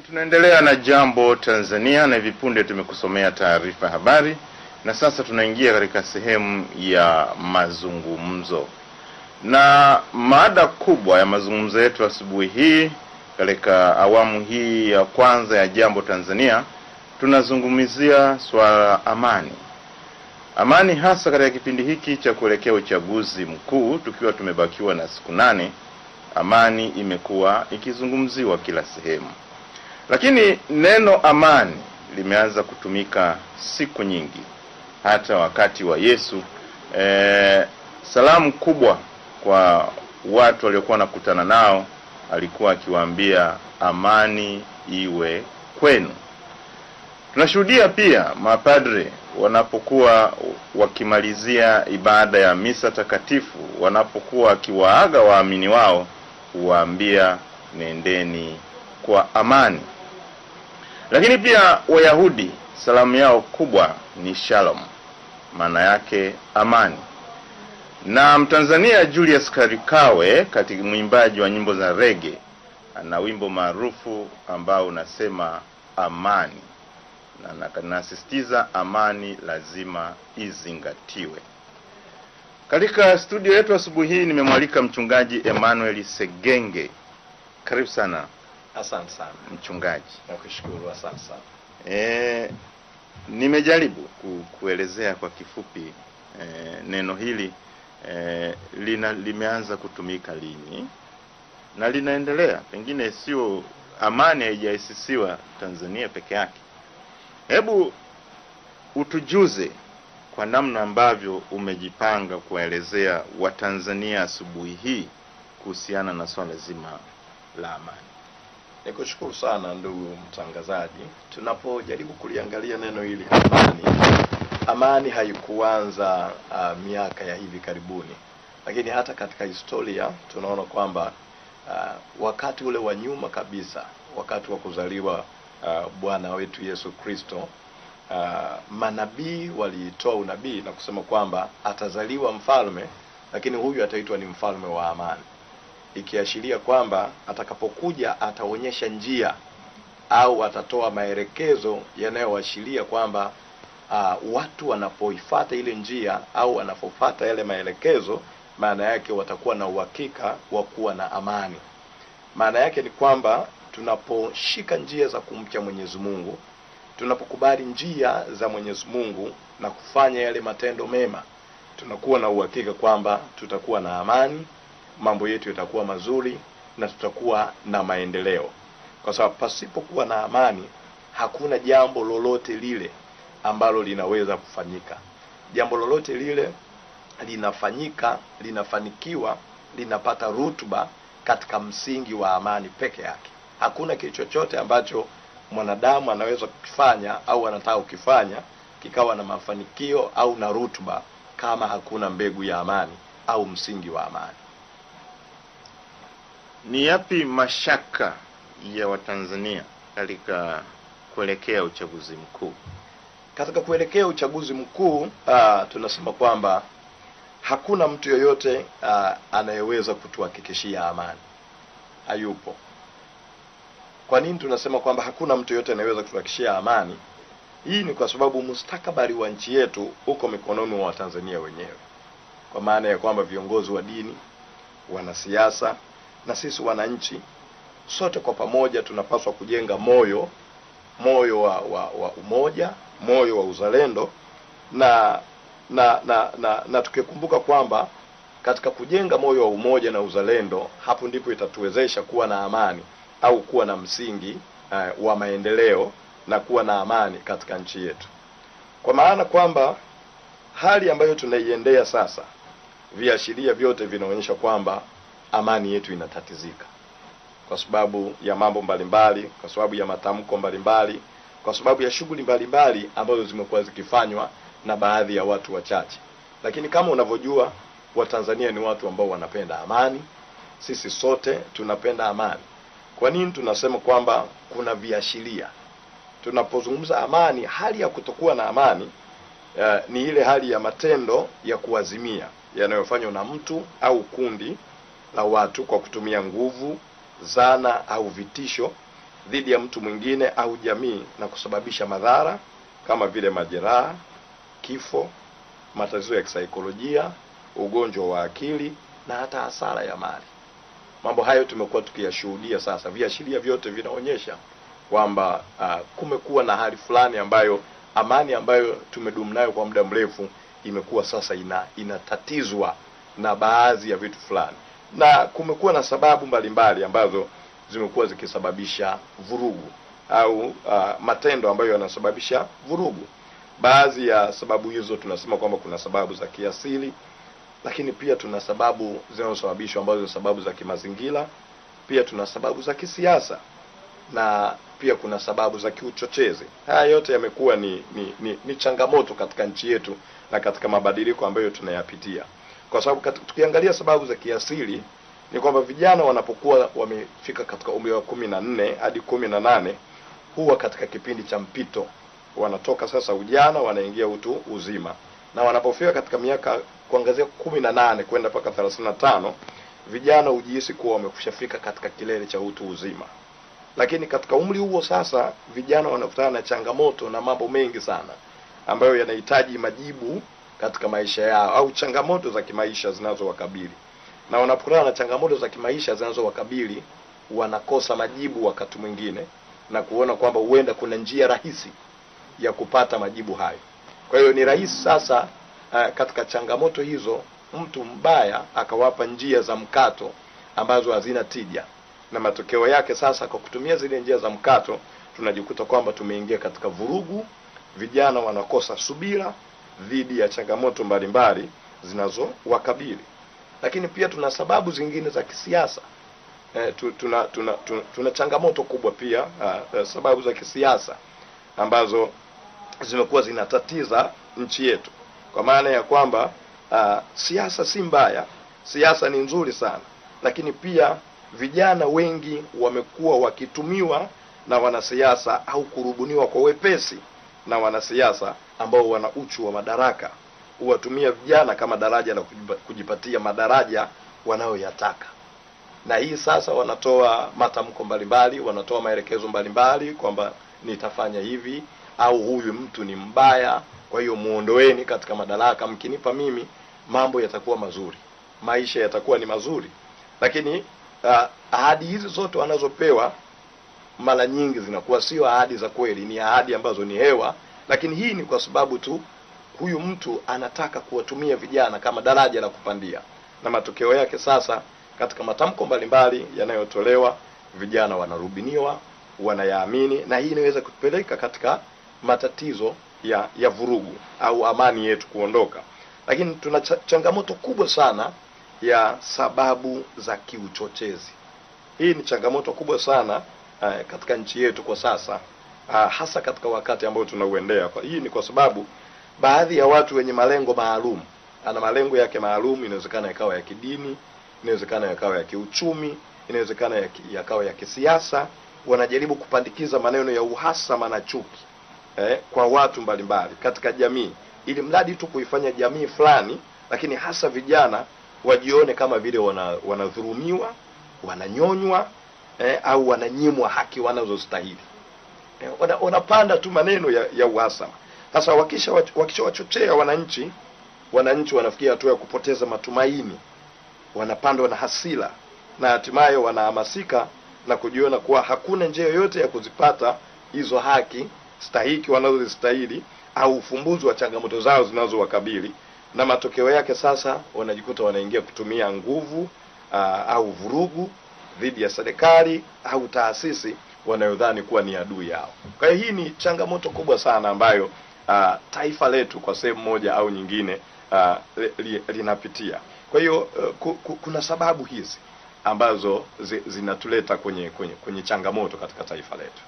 Tunaendelea na jambo Tanzania, na hivi punde tumekusomea taarifa habari, na sasa tunaingia katika sehemu ya mazungumzo, na mada kubwa ya mazungumzo yetu asubuhi hii katika awamu hii ya kwanza ya jambo Tanzania, tunazungumzia swala la amani. Amani hasa katika kipindi hiki cha kuelekea uchaguzi mkuu, tukiwa tumebakiwa na siku nane, amani imekuwa ikizungumziwa kila sehemu. Lakini neno amani limeanza kutumika siku nyingi, hata wakati wa Yesu. E, salamu kubwa kwa watu waliokuwa wanakutana nao alikuwa akiwaambia amani iwe kwenu. Tunashuhudia pia mapadre wanapokuwa wakimalizia ibada ya misa takatifu, wanapokuwa wakiwaaga waamini wao huwaambia nendeni kwa amani. Lakini pia Wayahudi salamu yao kubwa ni shalom, maana yake amani. Na Mtanzania Julius Karikawe, kati mwimbaji wa nyimbo za rege, ana wimbo maarufu ambao unasema amani, na nasistiza amani lazima izingatiwe. Katika studio yetu asubuhi hii nimemwalika mchungaji Emmanuel Segenge. Karibu sana Asante sana mchungaji. Nakushukuru, asante sana. E, nimejaribu kuelezea kwa kifupi e, neno hili e, lina, limeanza kutumika lini na linaendelea, pengine sio amani haijahisisiwa Tanzania peke yake. Hebu utujuze kwa namna ambavyo umejipanga kuwaelezea Watanzania asubuhi hii kuhusiana na swala zima la amani. Ni kushukuru sana ndugu mtangazaji. Tunapojaribu kuliangalia neno hili amani, amani haikuanza uh, miaka ya hivi karibuni, lakini hata katika historia tunaona kwamba uh, wakati ule wa nyuma kabisa, wakati wa kuzaliwa uh, Bwana wetu Yesu Kristo, uh, manabii waliitoa unabii na kusema kwamba atazaliwa mfalme, lakini huyu ataitwa ni mfalme wa amani ikiashiria kwamba atakapokuja ataonyesha njia au atatoa maelekezo yanayoashiria kwamba uh, watu wanapoifata ile njia au wanapofuata yale maelekezo, maana yake watakuwa na uhakika wa kuwa na amani. Maana yake ni kwamba tunaposhika njia za kumcha Mwenyezi Mungu, tunapokubali njia za Mwenyezi Mungu na kufanya yale matendo mema, tunakuwa na uhakika kwamba tutakuwa na amani mambo yetu yatakuwa mazuri na tutakuwa na maendeleo, kwa sababu pasipokuwa na amani hakuna jambo lolote lile ambalo linaweza kufanyika. Jambo lolote lile linafanyika, linafanikiwa, linapata rutuba katika msingi wa amani peke yake. Hakuna kitu chochote ambacho mwanadamu anaweza kukifanya au anataka kukifanya kikawa na mafanikio au na rutuba kama hakuna mbegu ya amani au msingi wa amani. Ni yapi mashaka ya Watanzania katika kuelekea uchaguzi mkuu? Katika kuelekea uchaguzi mkuu uh, tunasema kwamba hakuna mtu yoyote uh, anayeweza kutuhakikishia amani, hayupo. Kwa nini tunasema kwamba hakuna mtu yoyote anayeweza kutuhakikishia amani? Hii ni kwa sababu mustakabali wa nchi yetu uko mikononi wa Watanzania wenyewe, kwa maana ya kwamba viongozi wa dini, wanasiasa na sisi wananchi sote kwa pamoja tunapaswa kujenga moyo moyo wa, wa, wa umoja, moyo wa uzalendo na na na, na, na tukikumbuka kwamba katika kujenga moyo wa umoja na uzalendo, hapo ndipo itatuwezesha kuwa na amani au kuwa na msingi uh, wa maendeleo na kuwa na amani katika nchi yetu, kwa maana kwamba hali ambayo tunaiendea sasa, viashiria vyote vinaonyesha kwamba amani yetu inatatizika kwa sababu ya mambo mbalimbali, kwa sababu ya matamko mbalimbali, kwa sababu ya shughuli mbalimbali ambazo zimekuwa zikifanywa na baadhi ya watu wachache. Lakini kama unavyojua, Watanzania ni watu ambao wanapenda amani. Sisi sote tunapenda amani. Kwa nini tunasema kwamba kuna viashiria? Tunapozungumza amani, hali ya kutokuwa na amani uh, ni ile hali ya matendo ya kuazimia yanayofanywa na mtu au kundi la watu kwa kutumia nguvu, zana au vitisho dhidi ya mtu mwingine au jamii na kusababisha madhara kama vile majeraha, kifo, matatizo ya kisaikolojia, ugonjwa wa akili na hata hasara ya mali. Mambo hayo tumekuwa tukiyashuhudia sasa. Viashiria vyote vinaonyesha kwamba uh, kumekuwa na hali fulani ambayo amani ambayo tumedumu nayo kwa muda mrefu imekuwa sasa ina, inatatizwa na baadhi ya vitu fulani na kumekuwa na sababu mbalimbali ambazo zimekuwa zikisababisha vurugu au uh, matendo ambayo yanasababisha vurugu. Baadhi ya sababu hizo tunasema kwamba kuna sababu za kiasili, lakini pia tuna sababu zinazosababishwa ambazo ni sababu za kimazingira, pia tuna sababu za kisiasa na pia kuna sababu za kiuchochezi. Haya yote yamekuwa ni, ni, ni, ni changamoto katika nchi yetu na katika mabadiliko ambayo tunayapitia kwa sababu tukiangalia sababu za kiasili ni kwamba vijana wanapokuwa wamefika katika umri wa kumi na nne hadi kumi na nane huwa katika kipindi cha mpito, wanatoka sasa ujana wanaingia utu uzima, na wanapofika katika miaka kuangazia kumi na nane kwenda mpaka thelathini na tano vijana hujihisi kuwa wamekushafika katika kilele cha utu uzima. Lakini katika umri huo sasa vijana wanakutana na changamoto na mambo mengi sana ambayo yanahitaji majibu katika maisha yao au changamoto za kimaisha zinazowakabili. Na wanapokutana na changamoto za kimaisha zinazowakabili, wanakosa majibu wakati mwingine na kuona kwamba huenda kuna njia rahisi ya kupata majibu hayo. Kwa hiyo ni rahisi sasa, uh, katika changamoto hizo mtu mbaya akawapa njia za mkato ambazo hazina tija, na matokeo yake sasa, kwa kutumia zile njia za mkato tunajikuta kwamba tumeingia katika vurugu, vijana wanakosa subira dhidi ya changamoto mbalimbali zinazowakabili, lakini pia tuna sababu zingine za kisiasa. E, tuna, tuna, tuna, tuna changamoto kubwa pia a, eh, eh, sababu za kisiasa ambazo zimekuwa zinatatiza nchi yetu, kwa maana ya kwamba siasa si mbaya, siasa ni nzuri sana, lakini pia vijana wengi wamekuwa wakitumiwa na wanasiasa au kurubuniwa kwa wepesi na wanasiasa ambao wana uchu wa madaraka huwatumia vijana kama daraja la kujipatia madaraja wanayoyataka. Na hii sasa, wanatoa matamko mbalimbali, wanatoa maelekezo mbalimbali kwamba nitafanya hivi au huyu mtu ni mbaya, kwa hiyo muondoeni katika madaraka, mkinipa mimi mambo yatakuwa mazuri, maisha yatakuwa ni mazuri. Lakini uh, ahadi hizi zote wanazopewa mara nyingi zinakuwa sio ahadi za kweli, ni ahadi ambazo ni hewa, lakini hii ni kwa sababu tu huyu mtu anataka kuwatumia vijana kama daraja la kupandia, na matokeo yake sasa, katika matamko mbalimbali yanayotolewa, vijana wanarubiniwa, wanayaamini, na hii inaweza kutupeleka katika matatizo ya ya vurugu au amani yetu kuondoka. Lakini tuna changamoto kubwa sana ya sababu za kiuchochezi. Hii ni changamoto kubwa sana uh, katika nchi yetu kwa sasa uh, hasa katika wakati ambao tunauendea. Hii ni kwa sababu baadhi ya watu wenye malengo maalum, ana malengo yake maalum, inawezekana yakawa ya kidini, inawezekana yakawa ya kiuchumi, inawezekana yakawa ya kisiasa. Wanajaribu kupandikiza maneno ya uhasama na chuki eh, kwa watu mbalimbali katika jamii, ili mradi tu kuifanya jamii fulani, lakini hasa vijana wajione kama vile wanadhulumiwa, wana wananyonywa eh, au wananyimwa haki wanazostahili eh, wanapanda tu maneno ya, ya uhasama. Sasa wakisha wakishawachochea wananchi, wananchi wanafikia hatua ya kupoteza matumaini, wanapandwa na hasila na hatimaye wanahamasika na kujiona kuwa hakuna njia yoyote ya kuzipata hizo haki stahiki wanazozistahili au ufumbuzi wa changamoto zao zinazowakabili, na matokeo yake sasa wanajikuta wanaingia kutumia nguvu uh, au vurugu dhidi ya serikali au taasisi wanayodhani kuwa ni adui yao. Kwa hiyo hii ni changamoto kubwa sana ambayo uh, taifa letu kwa sehemu moja au nyingine uh, li, linapitia. Kwa hiyo uh, ku, ku, kuna sababu hizi ambazo zinatuleta kwenye, kwenye, kwenye changamoto katika taifa letu.